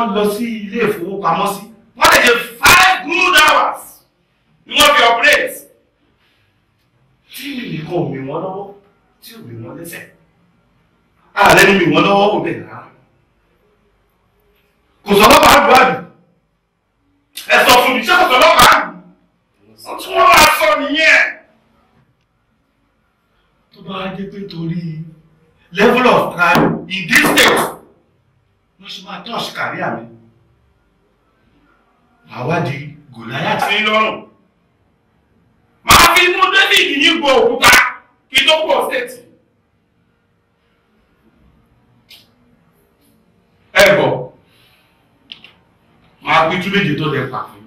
wọ́n lọ sí ilé ìfowópamọ́sí wọ́n lè jẹ five good hours ni wọ́n fi operate tí nìkan ò mì wọ́n lọ́wọ́ tí ò mì wọ́n lẹ́sẹ̀ ààrẹ ni mì wọ́n lọ́wọ́ kò bẹ̀rẹ̀ rárá kò sọ lọ́pàá àdùn àdùn ẹ sọ fún mi ṣé kò sọ lọ́pàá àdùn wọ́n tún wọ́n máa sọ nìyẹn tó bá jẹ́ pé torí level of crime in this state sì máa tọ́ọ̀sì kárí àmì àwádìí Gòláyátì ní lọ́rùn máa fi mú David ní gbọ́ òkúta kí tó pọ̀ ṣètì ẹ bọ̀ máa pín tó lè pàfẹ́.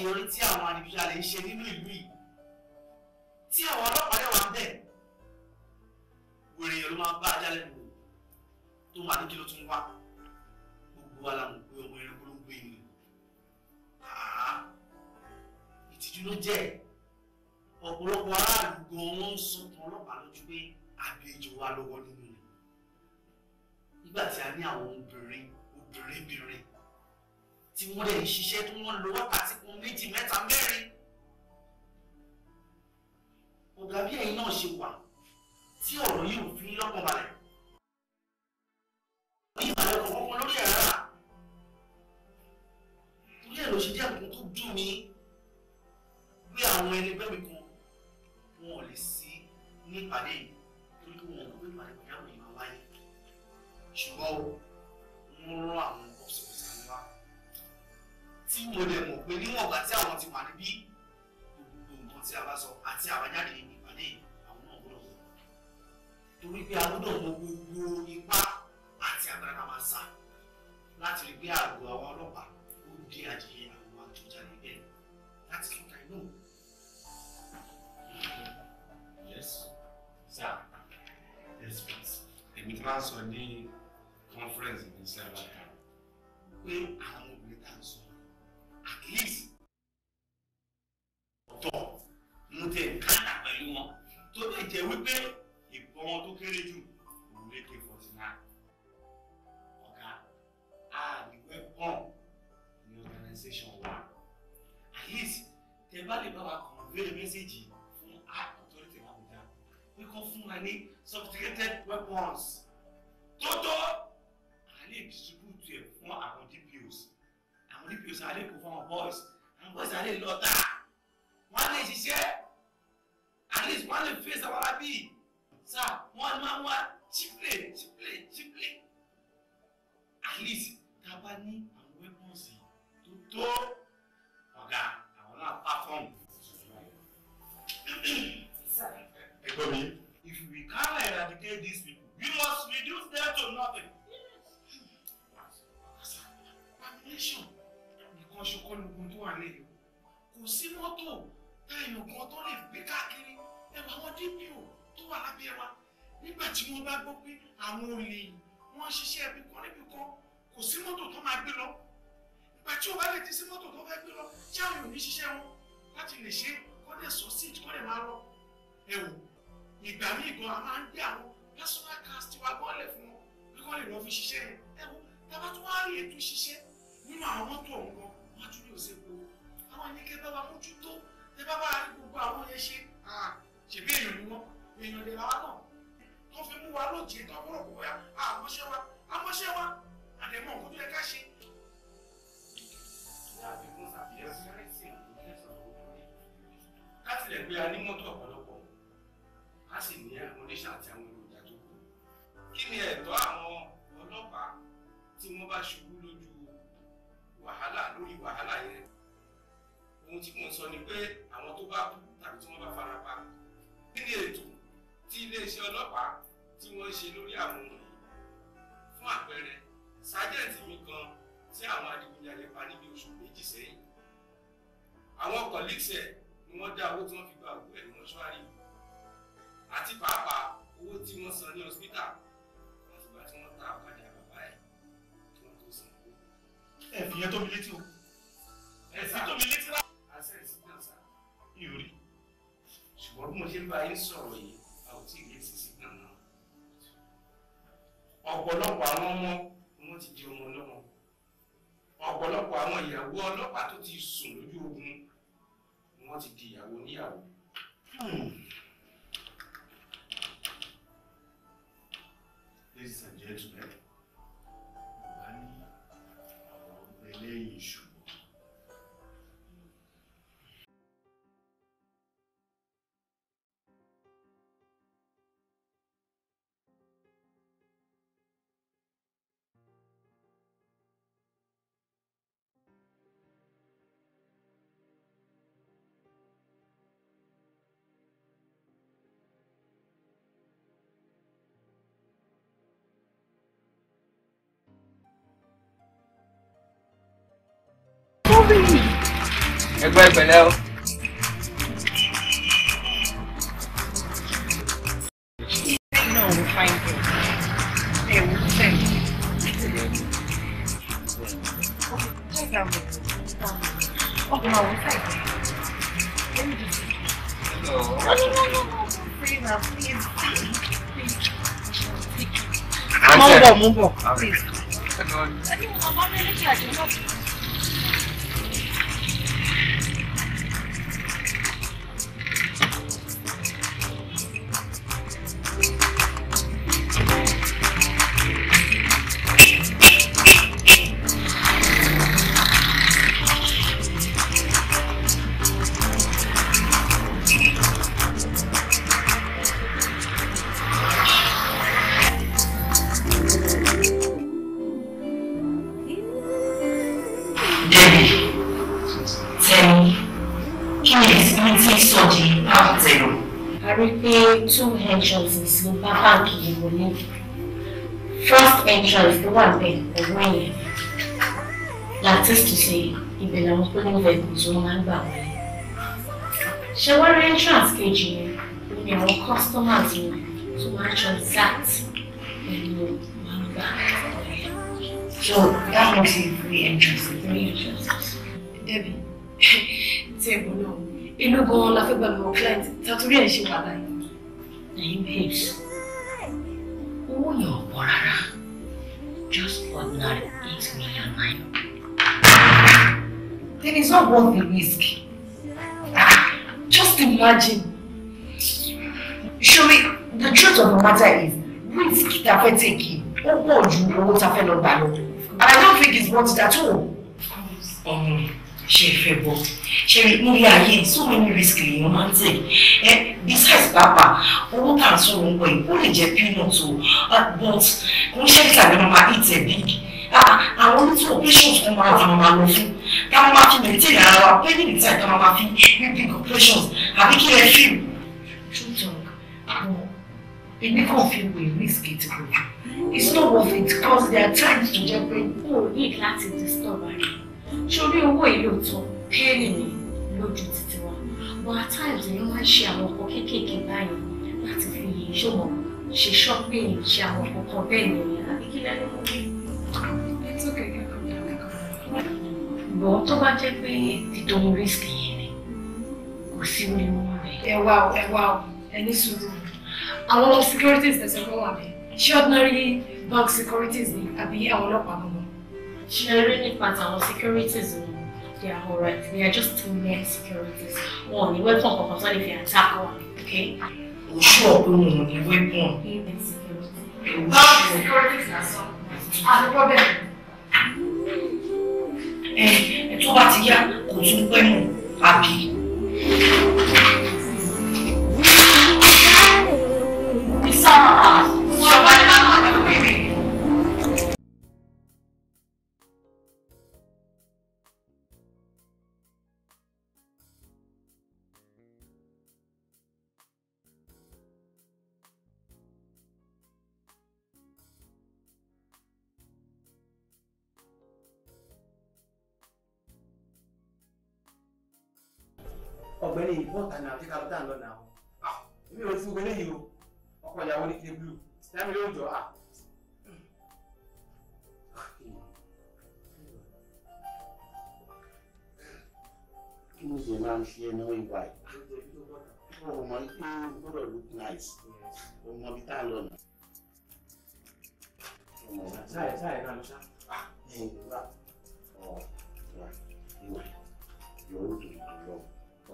àṣeyọrí tí àwọn adigunjalè ń ṣe nínú ìlú yìí tí àwọn ọlọ́pàá dẹ̀ wà ń bẹ̀ wèrè yẹn ló máa bá ajá lẹ́nu wò tó máa ní kí ló tún wá gbogbo wa la mọ̀ pé ọmọ ẹranko ló ń gbé yìí ìtìjú ló jẹ́ ọ̀pọ̀lọpọ̀ aráàlú gan wọ́n ń sunkún ọlọ́pàá lójú pé àbíjọ wa lọ́wọ́ nínú rẹ̀ nígbà tí a ní àwọn obìnrin obìnrin bìnrin tí wọ́n lè ṣiṣẹ́ tí wọ́n lo wákàtí kan méjì mẹ́ta mẹ́rin ọ̀gá bí ẹ̀yin náà ṣe wà tí ọ̀rọ̀ yìí ò fi lọ́kàn balẹ̀ ọ̀yìn balẹ̀ ọkọ̀ kọ̀ọ̀kan lórí ẹ̀ rárá torí ẹ̀ ló ṣe jẹ́ nǹkan tó dùn mí pé àwọn ẹni mi kan wọn ò lè sí ní yìí torí pé wọn ò gbé ìpàdé pàjáwìrì máa wáyé ṣùgbọ́n mo rán àwọn tí mo lè mọ̀ pé níwọ̀n ìgbà tí àwọn ti wà níbí gbogbo nǹkan tí a bá sọ àti àbájáde ìpàdé àwọn náà gbọ́dọ̀ wọ̀ torí pé a gbọ́dọ̀ mọ gbogbo ipá àti agbára máa sá láti rí pé àgọ́ àwọn ọlọ́pàá ó di àjẹyẹ àwọn àjọjáde bẹ́ẹ̀ láti tún ka inú. yes sir yes please èmi tí wọ́n á sọ ní conference ní sẹ́wọ́n kan pé àwọn. sophisticated weapons tó tó a lè distribute ẹ̀ fún àwọn dpos àwọn dpos a lè kó fún àwọn boys àwọn boys a lè lọ tá ohun tí mo sọ ni pé àwọn tó bá kú tàbí tí wọ́n bá fara pa kí ètò tí iléeṣẹ́ ọlọ́pàá tí wọ́n ṣe lórí àwọn wọ̀nyí fún àpẹẹrẹ sájẹ́ǹtì mi kan tí àwọn adigunjalè pa níbi oṣù méjì sẹ́yìn àwọn colleagues ni wọ́n dá owó tí wọ́n fi gba òkú ẹ̀ mọ́ṣúárì àti pàápàá owó tí wọ́n san ní hospital látìgbà tí wọ́n ta ọ̀kadà bàbá ẹ̀ kí wọ́n tó san owó. ẹ tó mi létí o ẹ tó mi létí rà mi ò rí ṣùgbọ́n bí mo ṣe ń bá yín sọ̀rọ̀ yìí a ò tí ì létí sí nàná ọ̀pọ̀lọpọ̀ àwọn ọmọ ni wọ́n ti di ọmọ ọlọ́mọ ọ̀pọ̀lọpọ̀ àwọn ìyàwó ọlọ́pàá tó ti sùn lójú ogun ni wọ́n ti di ìyàwó oníyàwó. ladies and gentlemen wà ní àwọn eléyìí ìṣù bye for now. entrances ló bá báǹkì yìí wọlé first entrance tó wà bẹ́ẹ̀ ọ̀gbọ́n yẹn láti ṣe ibẹ̀ làwọn polling vehicles wọn the ń gbà wọlé ṣe wá rí entrance kejì yẹn ló ní àwọn customers wọn tó máa ń transact so that was the three entrances three entrances. Debbie tí ẹ̀gbọ́n náà inú gan-an la fẹ́ gbàgbọ́ client tàtúrí ẹ̀ ṣe wà láyé ẹ̀yin babes owó yẹn ò pọ̀ rárá just ordinary eight million naira. Then it's not worth the risk. Just imagine. Show me the truth of the matter is, risk that fẹ́ take ó pọ̀ you owó tá fẹ́ lọ gbà And I don't think it's worth it at all. Um, ṣe ìfẹ́ bọ̀ ṣe nílé ayé so many risk lèèyàn máa ń tẹ̀ ẹ eh, besides papa owó tà ń sọ̀rọ̀ ń pọ̀ yìí ó lè jẹ́ peanut o ah, but wọ́n ṣe kí àgbẹ̀ máa eat ẹ̀ big ah, àwọn onítọ̀ operations kan máa ta máa lọ fún ká máa fi maintain ara wa pé ní ìta ìta máa fi ní big operations àbí kí ẹ fi. true talk bọ̀ èmi kàn fi wèé risk ètò ìgbà it's not worth it cause there are times to jẹ́ pé o oh, need láti disturb ara ṣorí owó yìí lóòótọ́ pẹ́ẹ́nì ni lójú títí wa but at times èèyàn máa ń ṣe àwọn ọkọ kéékèèké báyìí láti fi ṣòwò ṣe shopping ṣe àwọn ọkọ bẹ́ẹ̀ ni àbí kí lẹ́nu mú mi. bọ̀ tó bá jẹ́ pé títọ́mú risk yẹn ni kò sí orí wọn rẹ̀. ẹ wá o ẹ wá o ẹ ní sùúrù àwọn securities tẹ̀sán fún wa bẹ́ẹ̀ ṣé ordinary bank securities ni àbí àwọn ọlọ́pàá mọ́ ṣe rí nípa tàwọn securities wọn they are alright they are just mere securities One, you ní weapon kankan if you attack one. okay. òṣù ọ̀pẹ wọn ò ní weapon. báwo securities lásán àti ah, problem. ẹ eh, ẹ tó bá ti yá kò tún pẹ́ mọ́ àbí. It's all calm down lọ́nà àwọn. Ah, mi ò fún gbẹ́lẹ́ yìí o ọkọ ìyàwó ní kíni blue tẹ́mi ló jọ à. Ah. kí ló dé máa ń ṣe ẹnu ìwà ẹ̀ ọmọ ìpín gbọ́dọ̀ look nice ọmọ bíi tá a lọ nà. sáyẹ sáyẹ náà ló sá. ẹ̀yìn ló wà ọ ìwà ìwà yòówù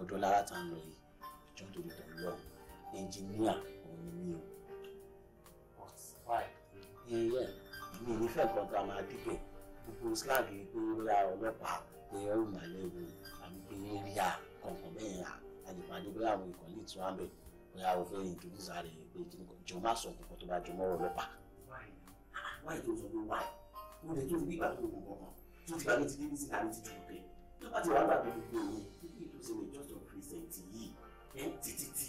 tó lọ lára tá a ń lọ yìí jọ torí tó lọ ẹnjìníà òun ni mí o why ẹyẹ mi ò ní fẹ́ nǹkan tó a gbogbo slag pé ọlọ́pàá pé ó mà lẹ́wọ̀ kọ̀ọ̀kan bẹ́ẹ̀ yà bí àwọn ìkàn lè tún àbẹ̀ pé a ò fẹ́ introduce ààrẹ pé jọ má sọ nǹkan tó bá jọ mọ́rọ̀ ọlọ́pàá. why tó ah, sọ pé why mo lè tó fi gbígbà tó gbogbo ọmọ tó fi gbàgbé ti títí.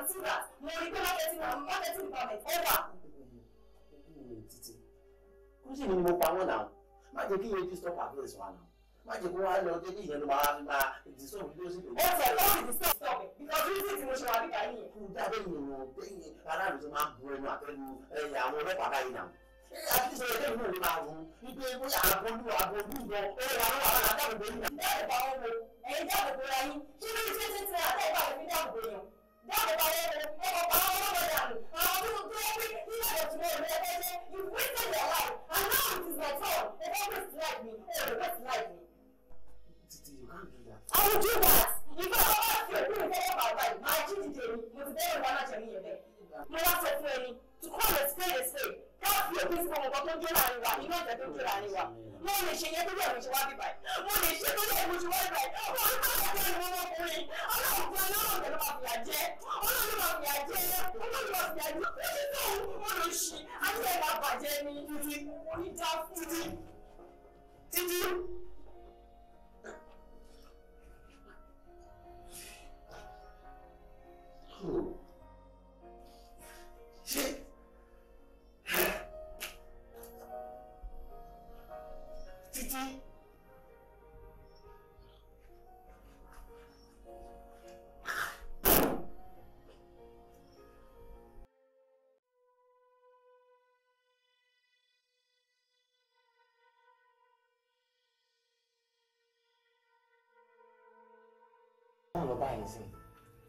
until that mo rí pé marketing and marketing department ó wà. títí kó sì ni mo pa wọn náà má jẹ́ kí iye ju stop abuse wa náà má jẹ́ kó wá lọ dé bí ìyẹn ló máa fi máa disturb bí ó sì lò. ó tẹ̀ lọ́ọ̀rì disturb stop it because reason tí mo ṣe wà ní kàyé yẹn. kú dábẹ́ ìrìnà bẹ́yìn aráàlú tó máa ń bu ẹnu àtẹnu àwọn ọlọ́pàá báyìí náà àtúnṣe ẹgbẹ́ ìlú ìlú máa wù ibi ewu àbọ̀lú àbọ̀lú ìwọ ẹ̀rọ àwọn àwọn àdáàbòbò yìí. bẹ́ẹ̀ ni báwo wo ẹ̀yin dáàbòbò ra yín kí ló ń ṣe ṣe ti àtẹ̀ ìbáwò fi dáàbòbò yẹn you've wasted your life. And now it is my turn. They always like me. They always like me. you can't do that. I will do that. If I don't ask you, you will say, oh my God, my Titi, you will my God, you will say, mo wá sọ fún ẹni to call a spade a spade káàfin èkó sí ọmọ kan tó ń jó láàrin wa inú ọ̀tẹ̀ tó ń jó láàrin wa mo lè ṣe yẹn torí ẹ̀mí ṣe wá bíbá yìí mo lè ṣe torí ẹ̀mí ṣe wá bíbá yìí mo rí bàbá tó ń wọ́n ọkùnrin ọlọ́run fún ọlọ́run tẹ̀lé máa fìyà jẹ ọlọ́run máa fìyà jẹ ọlọ́run máa fìyà jẹ ó ti tó mo lè ṣe ayé ẹ̀ máa bàjẹ́ ni títí títí títí. Hmm. ṣé títí. náà lọ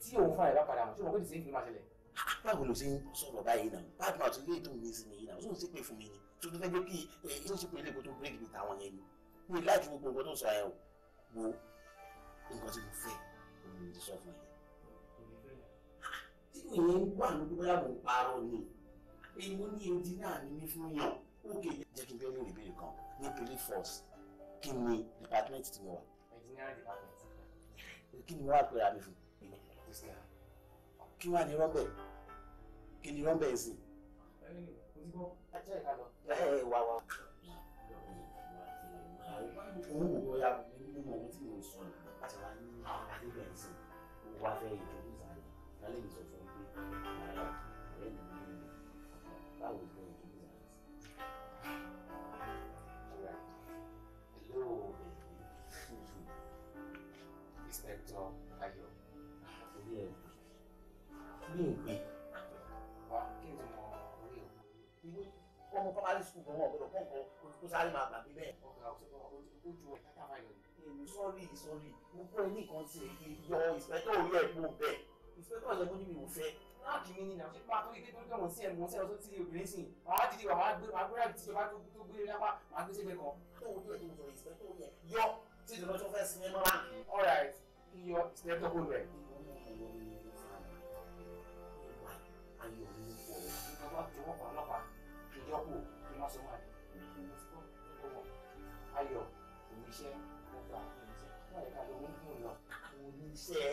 tí òun fúnra rẹ̀ bá padà mọ̀ ṣé o mọ̀ pé máa ṣẹlẹ̀ báwo ló ṣe ń sọ̀rọ̀ báyìí náà bad mouth ilé ètò mi sí nìyí náà ó sì ń ṣépè fún mi ni tó tó fẹ́ jẹ́ kí ó ṣépè ilé ìbò tó break mi táwọn yẹn ni mi láti gbogbo nǹkan tó sọ ẹ o wo nǹkan tí mo fẹ́ òun ti sọ fún ẹ. tí ìyẹn wà lójú bóyá mo ń parọ́ ni èyí mo ní odi náà ní mí fún yàn ókè jẹ́ kí n bẹ́ẹ̀ ní ìbéèrè kan ní police force kí ni department tí mo wà. engineering department. kí ni kí wàá ní rọ́bẹ̀ kí ni rọ́bẹ̀ sí. sí Hello, Inspector Ayo mi ò gbé wá kí n ti mọ orí o ìwé ọmọ primary school kan wọn ọgbọdọ kọ nǹkan kó sáré máa gbàgbé bẹ́ẹ̀. ọgá ọsẹ ó ju ọgá táwa yọ ni. sọ́ọ̀rì sọ́ọ̀rì mo kọ́ ẹ ní nǹkan tí yọ ìspẹ́tọ̀ orí ẹ̀ kó bẹ́ẹ̀ ìspẹ́tọ̀ ọ̀sẹ̀ bójú mi ò fẹ́ láàkì mi ni nà fún pàtó ìdí tó dẹ̀wọ̀n sí ẹ̀mọ́ sí ọ̀sọ́ tí obìnrin sìn wàá ṣe bá tó gbé lápá wàá tó o yẹ tó o ìspẹ́ tó o yẹ yọ tí ìdùnnú tó fẹ́ sinmi mọ́ra. all right iyọ ìspẹ́ tó kò rẹ̀. iṣẹ́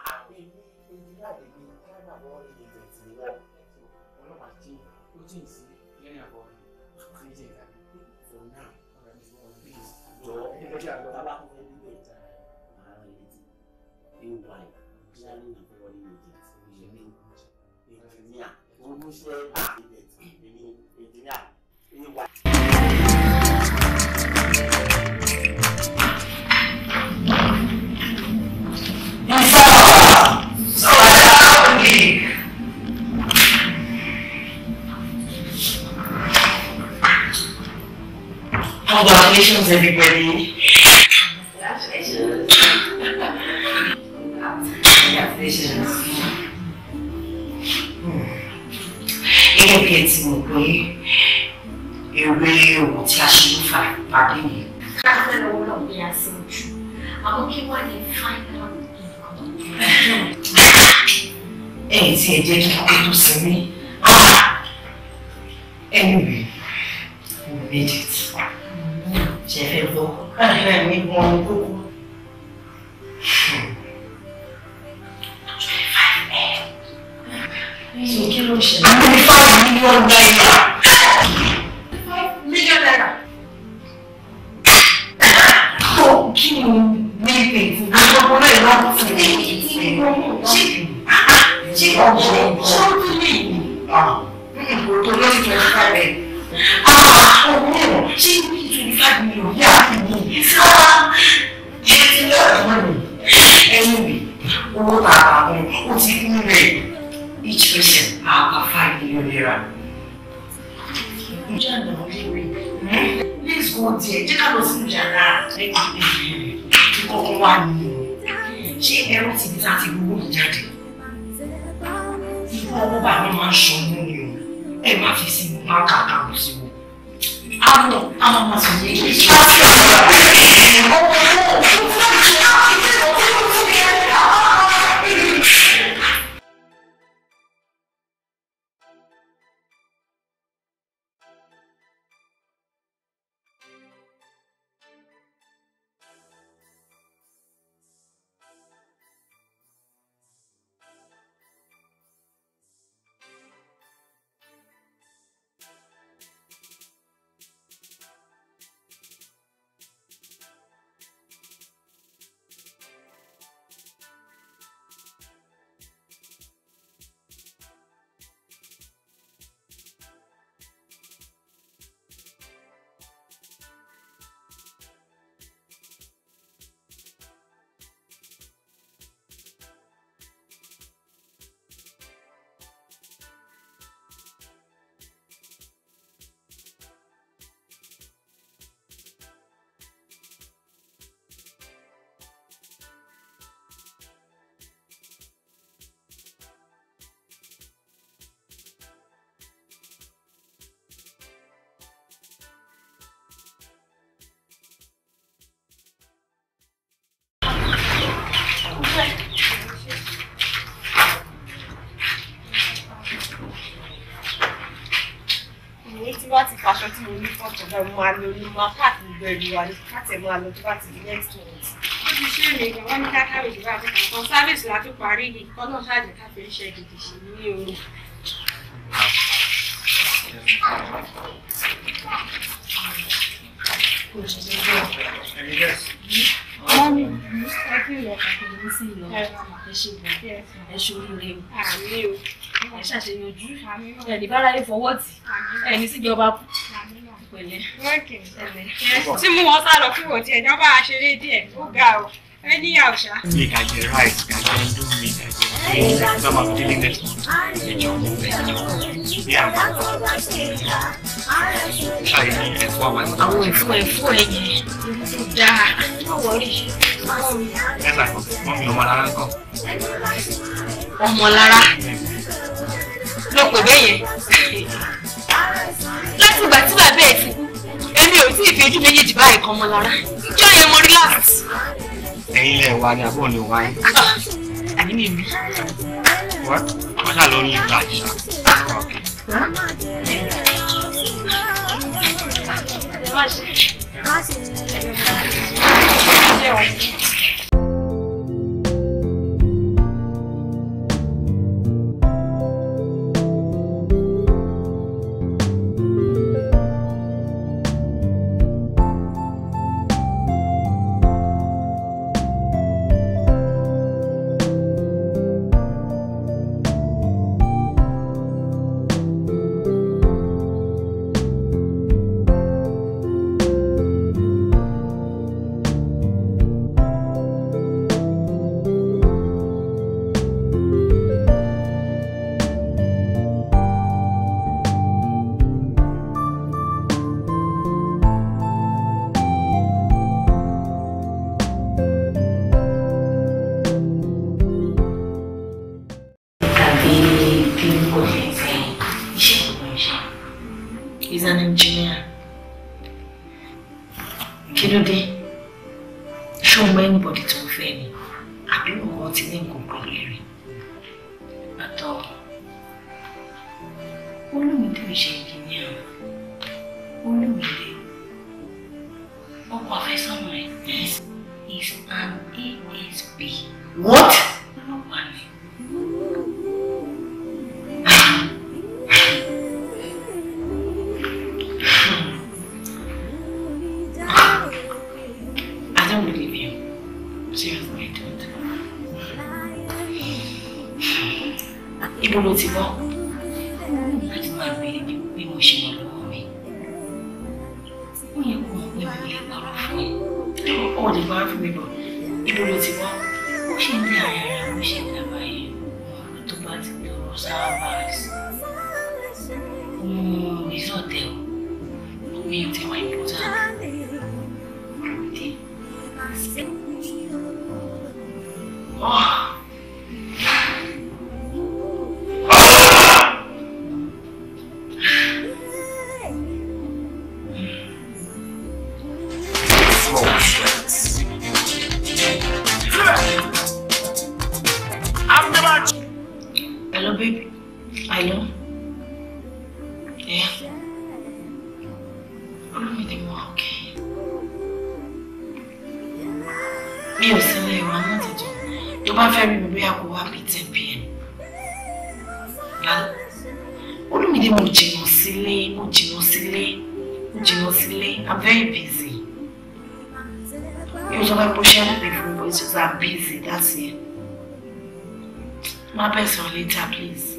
àpè ní ejiláde ní káàdà wọ́n rí ètò ẹ̀sìn wọn wọn náà máa jí ó jí lẹ́yìn àbọ̀ ní ìjẹ́ ìdáná for now ọ̀rẹ́ mi wọ́n bí jọ ẹgbẹ́ àgbọ̀ alákùnrin ẹbí bẹ̀ jà máa rán ibi tí ń wà yìí bí a ní ìnáwó wọlé ní ìjẹ́ ìṣẹ́lẹ̀ ìjẹ́ ìjìníà gbogbo iṣẹ́ àti Congratulations, everybody. Congratulations. Congratulations. Gẹ́gẹ́ bí ẹ ti mọ̀ a ṣe ń fa ìpàdé yìí. Káfíńtà lọ́wọ́ náà gbé a sí ojú. Àwọn kí wọ́n lè fáìnà Anyway, we made it ṣẹ̀fẹ̀ gbọ́ káàkiri ẹ̀mí gan ọmọ tó kú. Hmm. kí ló ń ṣẹlẹ̀? twenty five million naira. aṣọ tí mo ní fọ́tò náà máa lo ní máa pàtì gbogbo ẹ̀rù wa ní pàtì máa lọ tó bá ti di next month. ó ti ṣe èmi ìgbà wọn ní káká òjò bá mi kàn kan sáfẹ́sì la tó parí yìí kọ́nà ṣáàjì káfí iṣẹ́ gidi ṣe ní oru. Wọ́n ní ẹ kí ìlọ̀kàn kò ní ẹ ṣe oríire o ẹ ṣàṣeyọjú ẹ bára yín fọwọ́ tì ẹ ní síjọba kù pẹ̀lẹ́ tí mú wọn sá lọ kí wọ́n tiẹ̀ jọba àṣeré díẹ̀ ó ga o ẹ níyàwó ṣá. mi kà jẹ rice kà jẹ indomie kà jẹ rice kà máa fi dín next month ẹjọ mo fẹ ẹjọ bí àwọn ṣáà ní ẹ̀fọ́ àwọn ẹ̀fọ́. àwọn ẹ̀fọ́ ẹ̀fọ́ ẹ̀yẹ dáa má wọrí. ẹ sàkó wọn lọ pè bẹ́ẹ̀ yẹn tí bàbá ẹ̀ ti èmi ò tí fi ojú méjèèjì báyìí kan mọ́ lára ìjọ yẹn mo rí láti. lẹ wá ní abọ́ ni wá yín. Ah, àní mi bí. wá ṣáà lọ yín ìgbà àṣà. Thank you. Ma personne, Lita, please.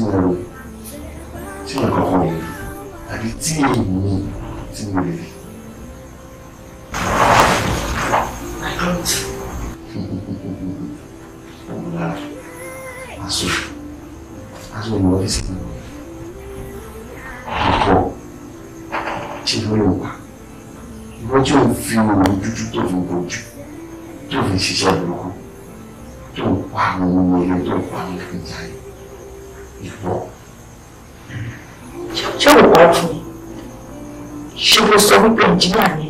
Senhor. algo para indicar.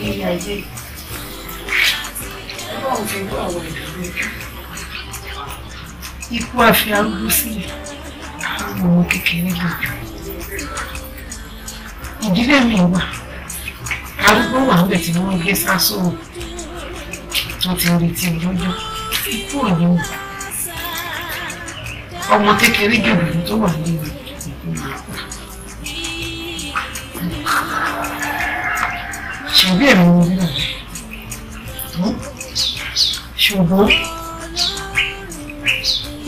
ìyá jẹ Ọlọ́run fi bọ àwọn ìdílé ikú àfi arúgbó sí àwọn ọmọ kékeré lójú ìdílé mi wà arúgbó wà ń bẹ tí wọ́n gbé sásó tó ti retí lọ́jọ́ ikú òní ọmọ kékeré jòlù tó wà nínú. àbí ẹ̀rọ wọn nílò rẹ̀ ṣùgbọ́n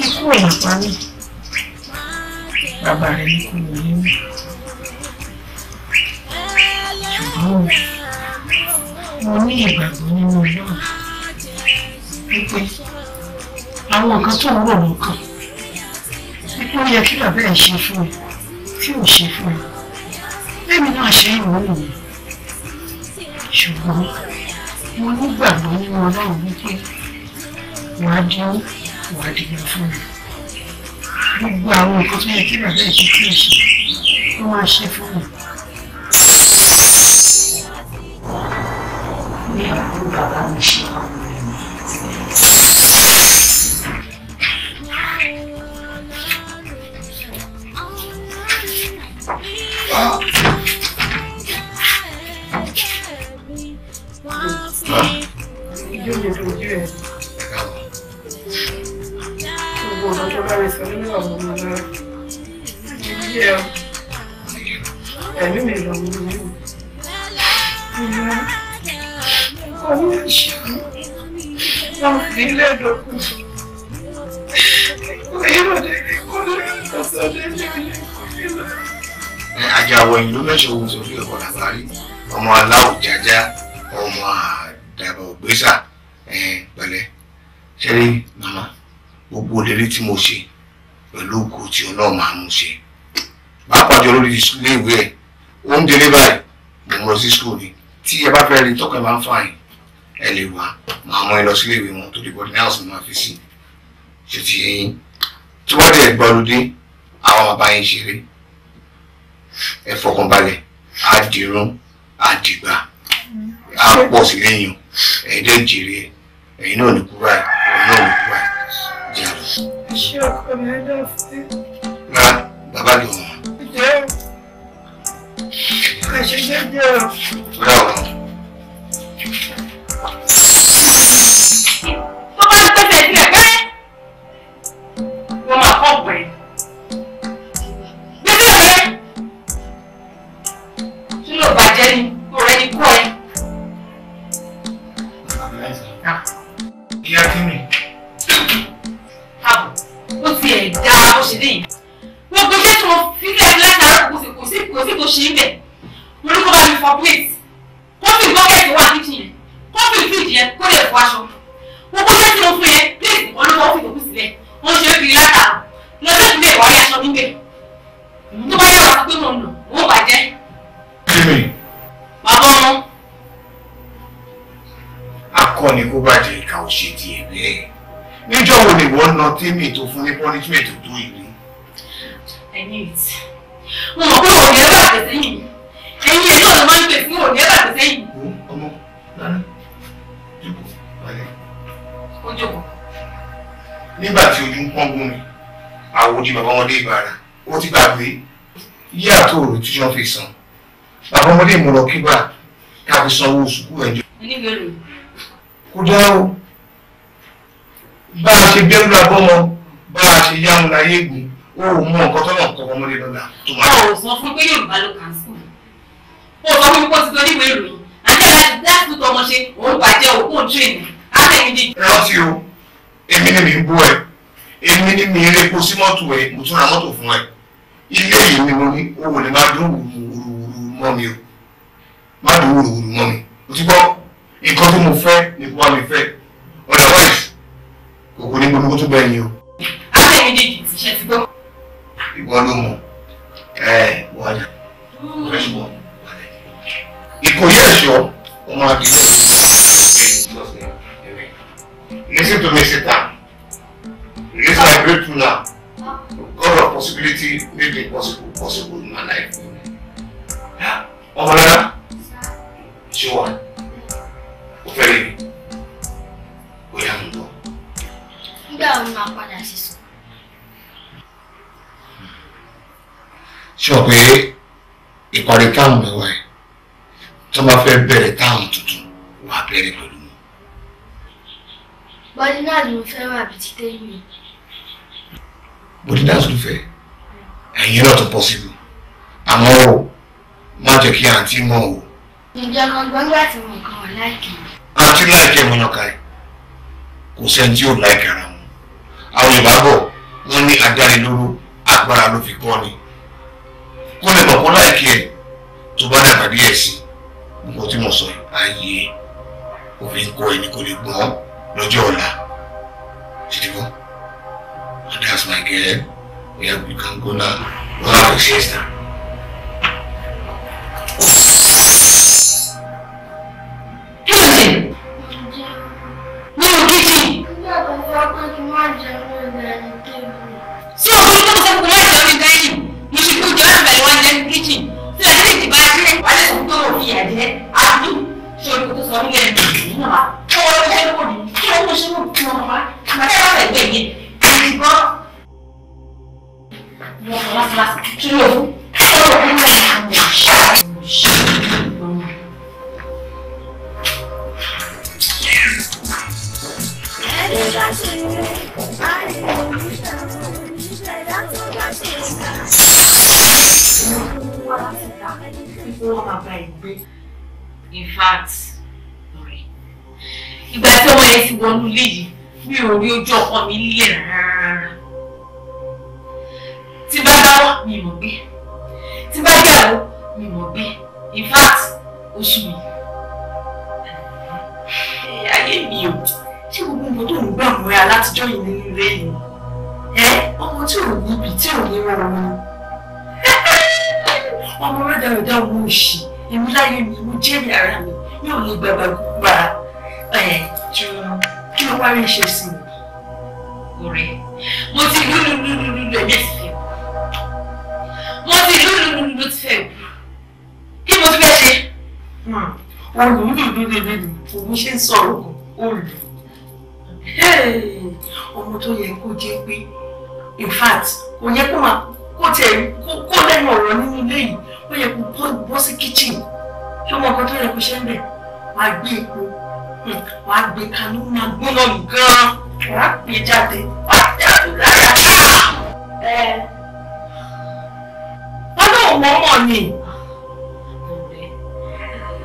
ikú ọ̀nà parí bàbá rẹ̀ ní kò ní mú ṣùgbọ́n mo ní ìgbàgbọ́ nínú ọlọ́run wípé àwọn nǹkan tó ń rò lọ́kàn wípé ó yẹ kí bàbá ẹ̀ ṣe fún ẹ tí ò ṣe fún ẹ lẹ́mi náà ṣe ìwọ́n nìyẹn ṣùgbọ́n mo nígbàgbọ́ nínú ọlọ́run wípé wàá dúró wàá dìbò fún mi gbogbo àwọn nǹkan tó yẹ kí bàbá ìṣe kí èṣù ló máa ṣe fún mi. ní àbúrò bàbá mi ṣe. ṣe náà máa mú ṣe pàápàá jọ lórí ilé ìwé ẹ̀ ó ń délé báyìí mò ń lọ sí school ni tí ẹ bá fẹ́ rí tọ́kàn bá ń fà yín ẹ lè wá màá mú ẹ lọ sí ilé ìwé wọn tó lè bọ́dí ní house máa fi sí ṣe ti yín tí wọ́n dẹ̀ gbọ́lódé àwọn bàbá yín ṣeré ẹ fọkàn balẹ̀ á dirun á dìgbà á pọ̀ sí lẹ́yìn ẹ̀ẹ́dẹ́ jèrè ẹ̀yin náà ní kúrò ẹ̀ ẹ̀yin náà ní kúrò ẹ̀ jẹ́ àlọ́. ṣé ọkọ mi á dà fún ẹ abájọ wọn. ǹjẹ́ punishment tó yìí ni. ẹ̀yin ìtì wọn mọ̀ pé òun yẹn rà to yìí ẹ̀yin ẹ̀yin ọ̀nà máa ń gbèsè fún òun yẹn rà àgbẹ̀sẹ̀ yìí. ọmọ rárá jókòó balẹ̀. ó jókòó. nígbà tí ojú ń pọ́n gún mi àwọn ojú bàbá ọmọdé ìbára ó ti gbàgbé yí àtò òrò tí wọ́n fi san bàbá ọmọdé ìmọ̀ràn kígbà ká fi san owó sùkúù ẹ̀jọ́. onígbèrè. kó dáa o bá a ṣe bẹ́ẹ̀ lọ abọ́mọ bá a ṣe yáwọn láyé gùn ó mú nǹkan tó náà kọ́kọ́ mọ́lẹ̀ lọ́la tó máa. ó sọ fún pé Yorùbá ló kàn sí ó sọ fún pé ó ti sọ níwèé ìròyìn àti adáàtú tọmọ ṣe òun bàjẹ́ òkú òjú èmi àtẹ̀yìn di. rántí o èmi ni mi ń bú ẹ èmi ni mi ń repo sí mọ́tò ẹ mo tún ra mọ́tò fún ẹ ilé yìí ni mo ní owó ni máa dún wùrùwùrù mọ́ mi o máa dún wùrùwùrù mọ́ mi o ti gbọ́ nǹkan tó mo fẹ́ ni kó bá mi fẹ́ otherwise kòkó ní gbogbo tó bẹ́ẹ̀ ni o méjèèjì ti ṣe ti gbọ́. ìwọ ló mọ ẹ wọlé rẹsùwọ wọlé ìkòyí ẹ̀ṣọ́ ọmọ àdìgbò listen to me satan raise my breakthrough now god of possibility make it possible possible in my life ọmọ rẹ ṣe wà ó fẹ́ rí mi ó yà ń bọ̀. nígbà wo ni padà sí sọ. ṣe wọn pé ìparí táwọn mẹ́wàá ẹ̀ tó bá fẹ́ bẹ̀rẹ̀ táwọn tuntun wà bẹ̀rẹ̀ pẹ̀lú wọn. bọ́dí náà ló fẹ́ wà bí ti tẹ́yìn. bọ́dí náà ló fẹ́ ẹ̀yìn náà tó possible àmọ́ o má jẹ́ kí àǹtí mọ̀ o. ǹjẹ́ kan gbọ́ngbà tí mo kàn wọ́n láìkẹ́. àǹtí láìkẹ́ mo yàn ká ẹ̀ kò sẹ́ni tí ò láìkẹ́ ara wọn àwọn Yorùbá bọ̀ wọ́n ní adáni lóró agbára ló fi gbọ́n ni kó lè mọ̀ kó láìkí ẹ̀ tó bá dàgbà díẹ̀ sí nǹkan tí mo sọ ayé òfin kọ ẹni kò lè gbọ́n lọ́jọ́ ọ̀la ṣídìbò and that's my girl we have become go now we have a I In fact, sorry. wọnú ilé yìí mi ò rí ojú ọkọ mi lé rárá If I dáwọ́ mi ò gbé tí bá yàwó mi mọ̀ bí in fact oṣù mi ayé mi ò ṣé gbogbo nǹkan tó ń gbà múra látijọ́ yìí nínú ilé yìí ẹ ọmọ tí ò ní ibi tí ò ní rọrùn ni ọmọ rẹ̀dá rẹ̀dá ọmọ òṣì èmi láyé mi mo jẹ́rìí ara mi mi ò ní gbàgbà gbà ẹ̀ ju kí ló wá rí ṣe sí mi. ọ̀rẹ́ mo ti lúlúlúlú lẹ́mẹ̀sì mo ti ìlú ìlú mi ló ti fẹ́ o kí mo ti fẹ́ ṣe. olùdùdùdùdùdù òun ṣe ń sọ̀rọ̀ kan olù ọmọ tó yẹ kó jẹ́ pé in fact kò yẹ kó máa kó tẹ̀ kó lẹ́nu ọ̀rọ̀ nínú ilé yìí ó yẹ kó bọ́ sí kitchen tó mọ nǹkan tó yẹ kó ṣe ń bẹ̀ wàá gbé epo hmm, wàá gbé kanú máa gbóná gan-an wàá gbé jáde wàá jáde lára mọ̀ mọ̀ ni.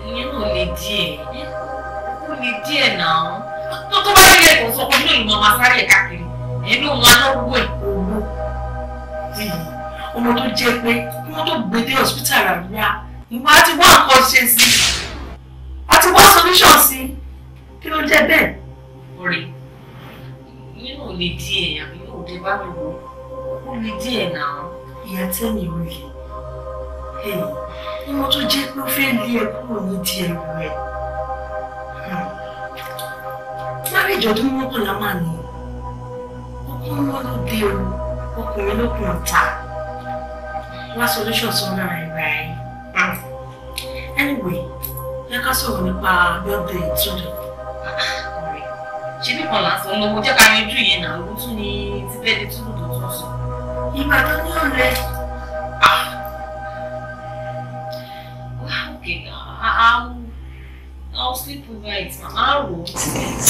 ìyẹn náà lè díẹ̀ ó lè díẹ̀ náà tó tó bá rí ẹ̀kọ́ sọ pé inú ìmọ̀ máa sáré ẹ̀ káàkiri ẹ̀mí òun anáwó ẹ̀ owó ti ọmọ tó jẹ́ pé kí wọ́n tó gbé dé hospital rárá ìwọ àti wọ́n àkọ́ṣe sí àti wọ́n solution sí kí ló jẹ́ bẹ́ẹ̀. ọ̀rẹ́ ìyẹn náà lè díẹ̀ àbí yóò dé bá mi wò ó lè díẹ̀ náà. ìyá tẹ́mi ò rí i ni mo tún jẹ́ pé ó fẹ́ lé ẹ kúrò ní ti ẹrù rẹ̀ marriage ọdún mọ́kànlá máa ní ọkùnrin wọn ló dé ewu ọkùnrin ló kùn ta wá solution sọ́nà rẹ̀ báyìí hmm. anyway ẹ ká sọ̀rọ̀ nípa birthday ìtúndùn ṣe bí kan lásán lówó jẹ́ ká yanjú yẹn náà owó tún ní ti bẹ́ẹ̀ ní túbú tó tún sọ. ìgbà tó ní ọ̀rẹ́ sleepovers, mama rooms.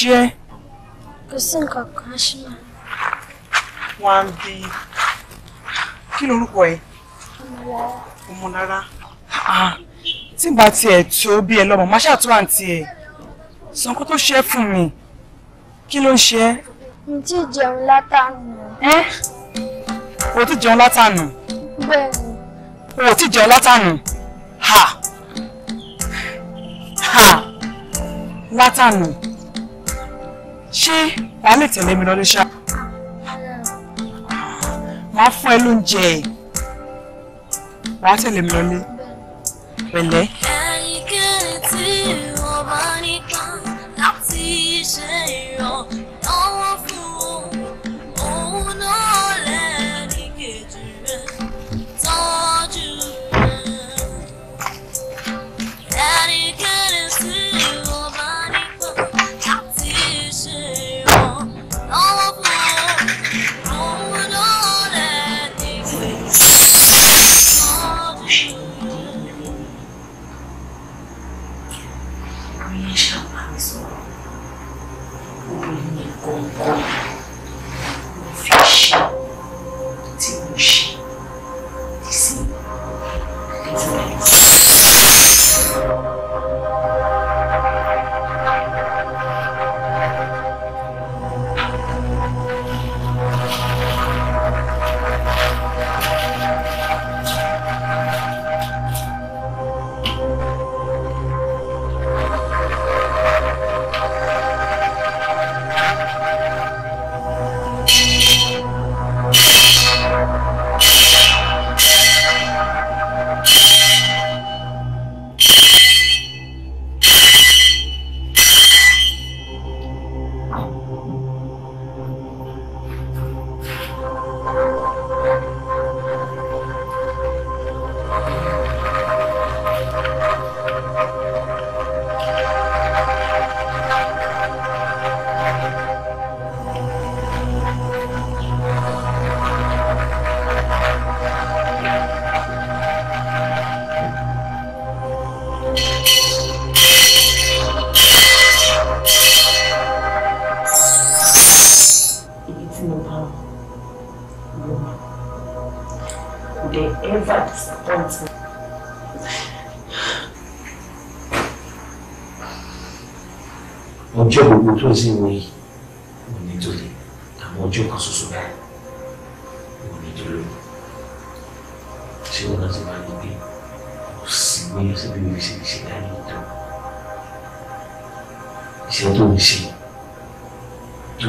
ṣe ẹ́. kò sí nǹkan kan ṣe máa. wọ́n á bí kí lorúkọ ẹ. ọmọlára. ọmọlára tí n bá tiẹ̀ tó bí ẹ lọ́mọ má ṣáà tó àǹtí ẹ̀ sọ nǹkan tó ṣe é fún mi kí ló ń ṣe n tí jẹun látàánú. ẹ o ti jẹun látàánú. bẹ́ẹ̀ni. o ti jẹun látàánú. ha ha látàánú ṣé wàá lè tẹ̀lé mi lọ́dún ṣá wàá fún ẹ lóúnjẹ wàá tẹ̀lé mi lọ́lé pẹ̀lẹ́.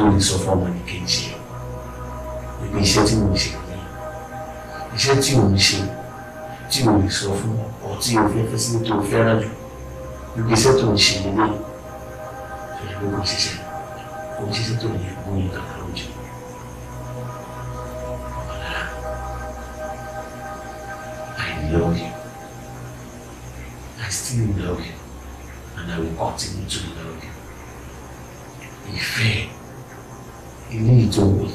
tó lè sọ fún ọmọnì kejì ìpè iṣẹ́ tí mò ṣe ní iṣẹ́ tí ò ṣe tí ò lè sọ fún ọ tí o fẹ́ fẹ́ sí tó fẹ́ràn jù ìpè iṣẹ́ tó ń ṣe nílé ìṣẹ̀lẹ̀ ló ń ṣiṣẹ́ kò ń ṣiṣẹ́ tó ń yẹ kó ń yẹ kàkà lójú. I love you. I still love you. And I will continue to love you. 就。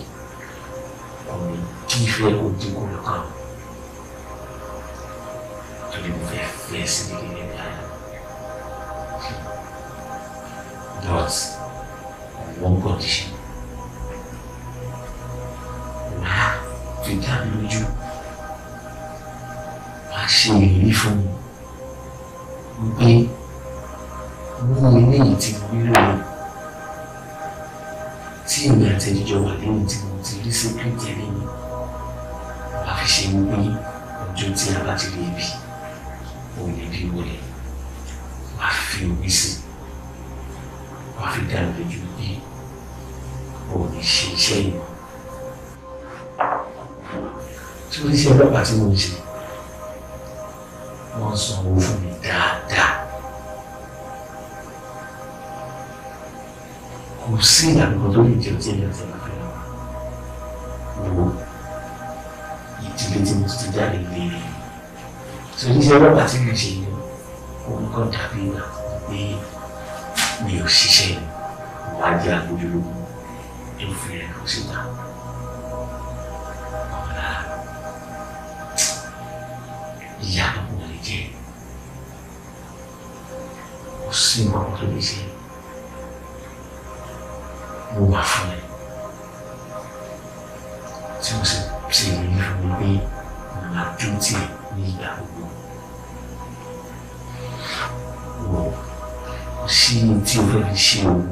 sí ní tí o fẹ́ fi ṣe owó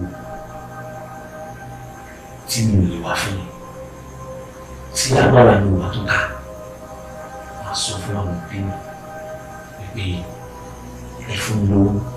tí mi ò lè wá fún mi tí agbára mi ò wá tó ká máa sọ fún àwọn òbí mi pé ẹ fún mi lówó.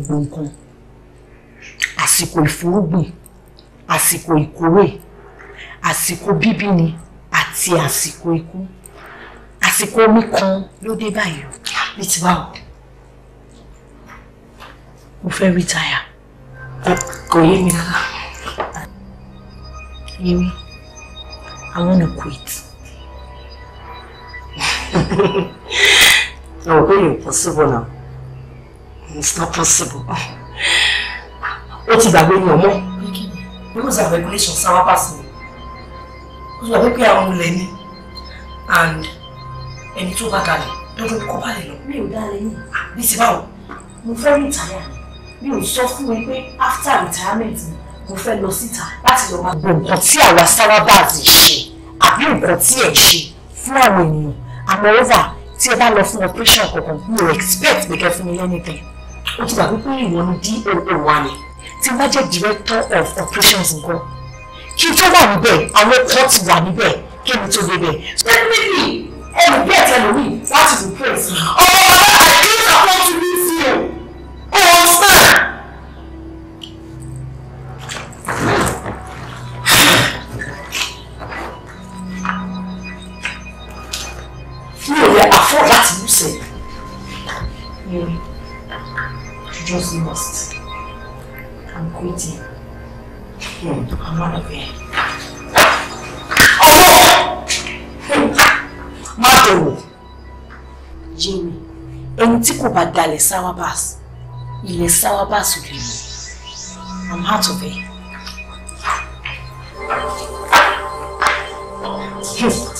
gbogbo nǹkan àsìkò ìfúrúgbìn àsìkò ìkórè àsìkò bíbí ni àti àsìkò ikú àsìkò omi kan ló dé báyìí ní ti báwo mo fẹ́ rítàyà kò yé mi rárá yé mi I wanna quit. oh, very impossible It's not possible. What is that way, your Because Rules and regulations are because You are pé àwọn olè ni. And and it's bá kalẹ̀, don't kò balẹ̀ lọ. Mi ò dalẹ̀ This is how báwo? Mo fẹ́ retire. Mi ò sọ fún ẹ pé after retirement mo fẹ́ lọ That is your máa gbọ́ nǹkan tí àwa Starbucks ń ṣe àbí nǹkan tí ẹ̀ ń ṣe fún àwọn ènìyàn. Àmọ́ over tí ẹ bá lọ fún operation kankan, mi ò expect pé kẹ́ fún mi lẹ́nìtẹ̀ ó ti gbàgbé pé ìwọ ni doo wa ni tí n jẹ́ director of operations nǹkan kí n tó wà níbẹ̀ àwọn kan ti wà níbẹ̀ kí n tó débẹ̀ definitely ẹnu bí ẹ̀tẹ̀ lórí láti replace ọmọ bàbá àdéhùn àpọ̀ tún ní sí o kó o just lost. I'm quitting. Hmm. I'm out of here. Oh bẹ̀rù. Jimmy, ẹni tí kò bá dalẹ̀ sáwá báàsì, ilẹ̀ sáwá báàsì I'm out of here. Hmm.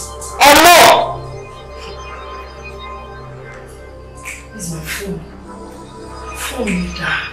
봅니다.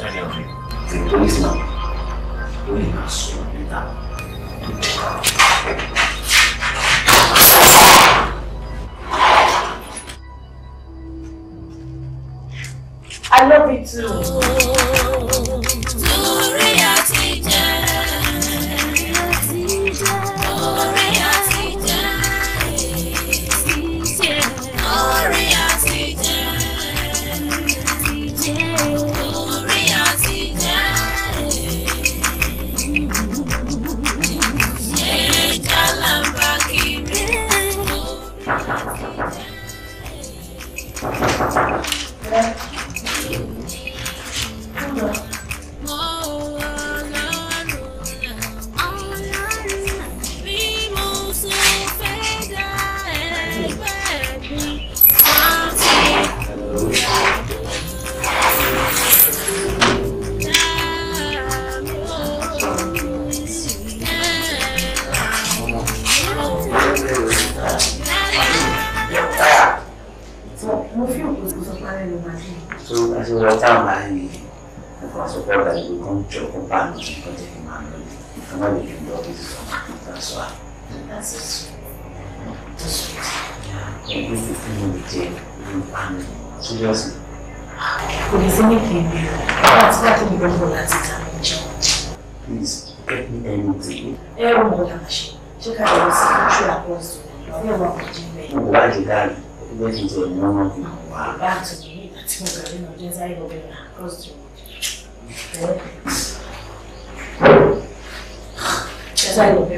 tẹ́lẹ̀ ọ̀rẹ́ the police man ó lè máa sọ̀rọ̀ I love you too. of across the road. Yes, I know.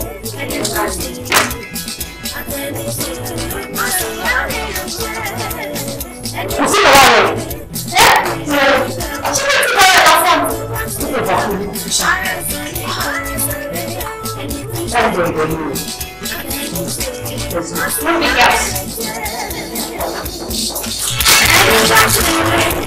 Let me guess.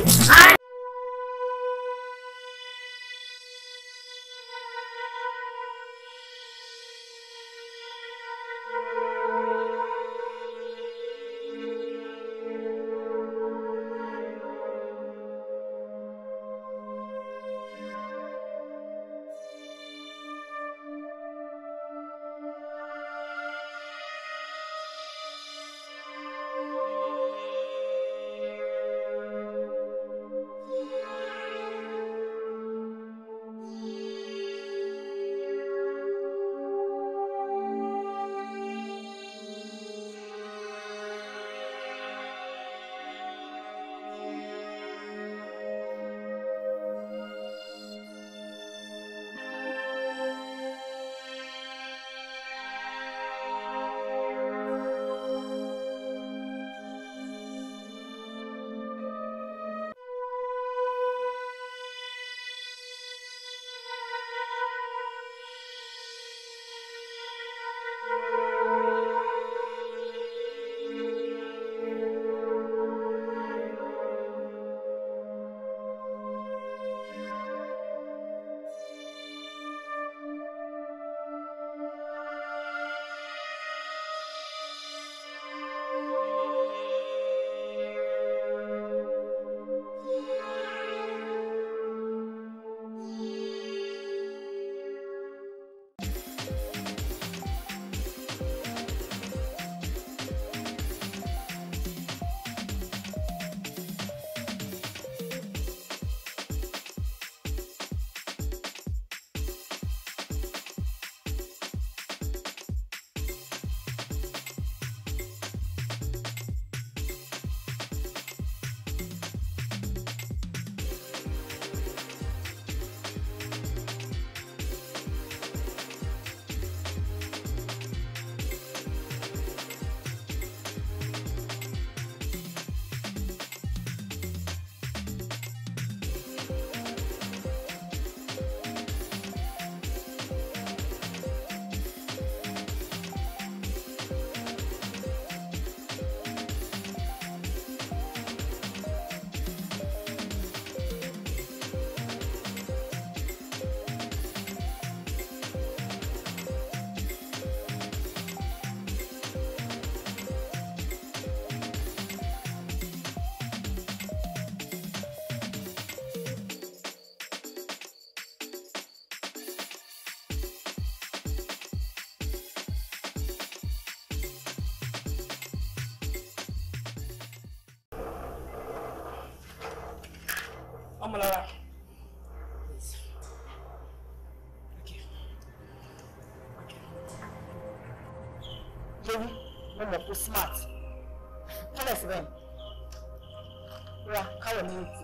mọ́ lára. lórí mo smart kálẹ̀ síbẹ̀ ra káwọ̀ ní etí.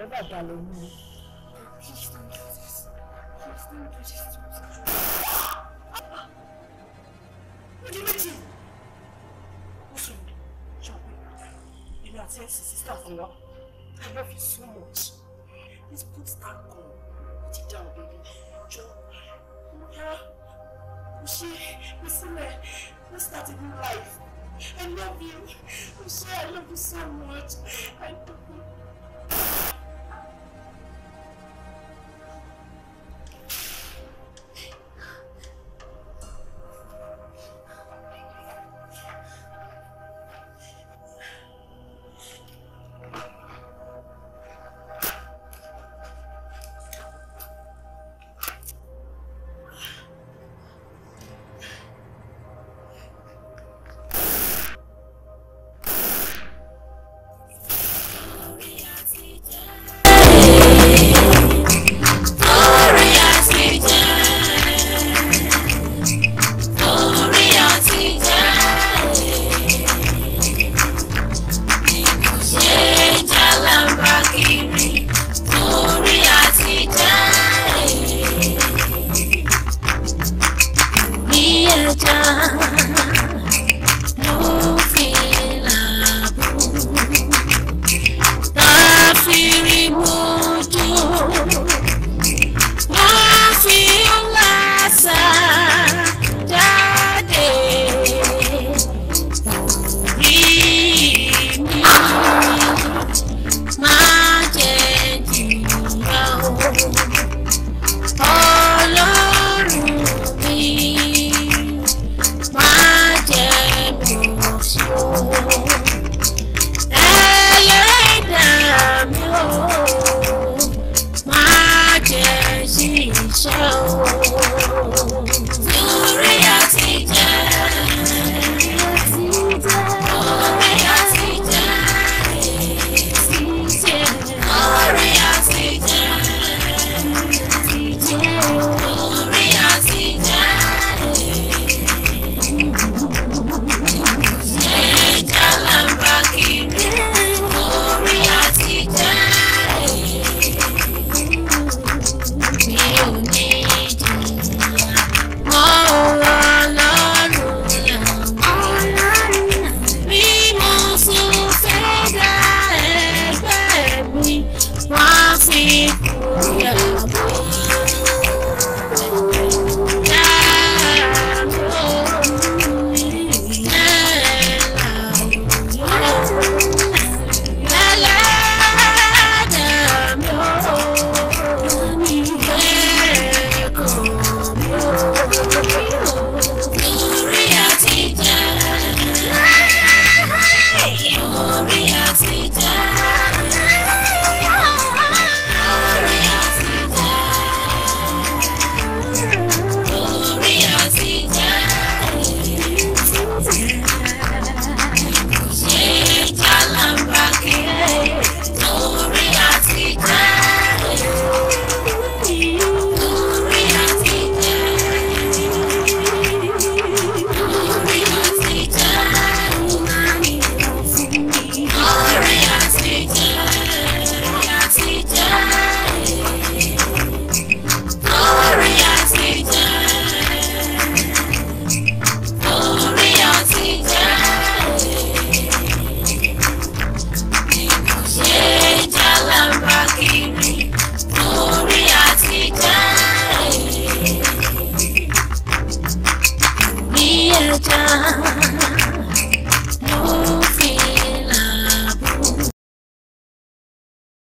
ọ̀rẹ́ bàbá ló mú un. Ojú méjì. Ó sọ ìjọba èmi àti ẹ̀sìn sísá fún wa. I love you so much. Please put that gun. Put it down, baby. Jọ. Bóyá mo ṣe mo sílẹ̀ start a new life. I love you. Mo ṣe I love you so much. I love you.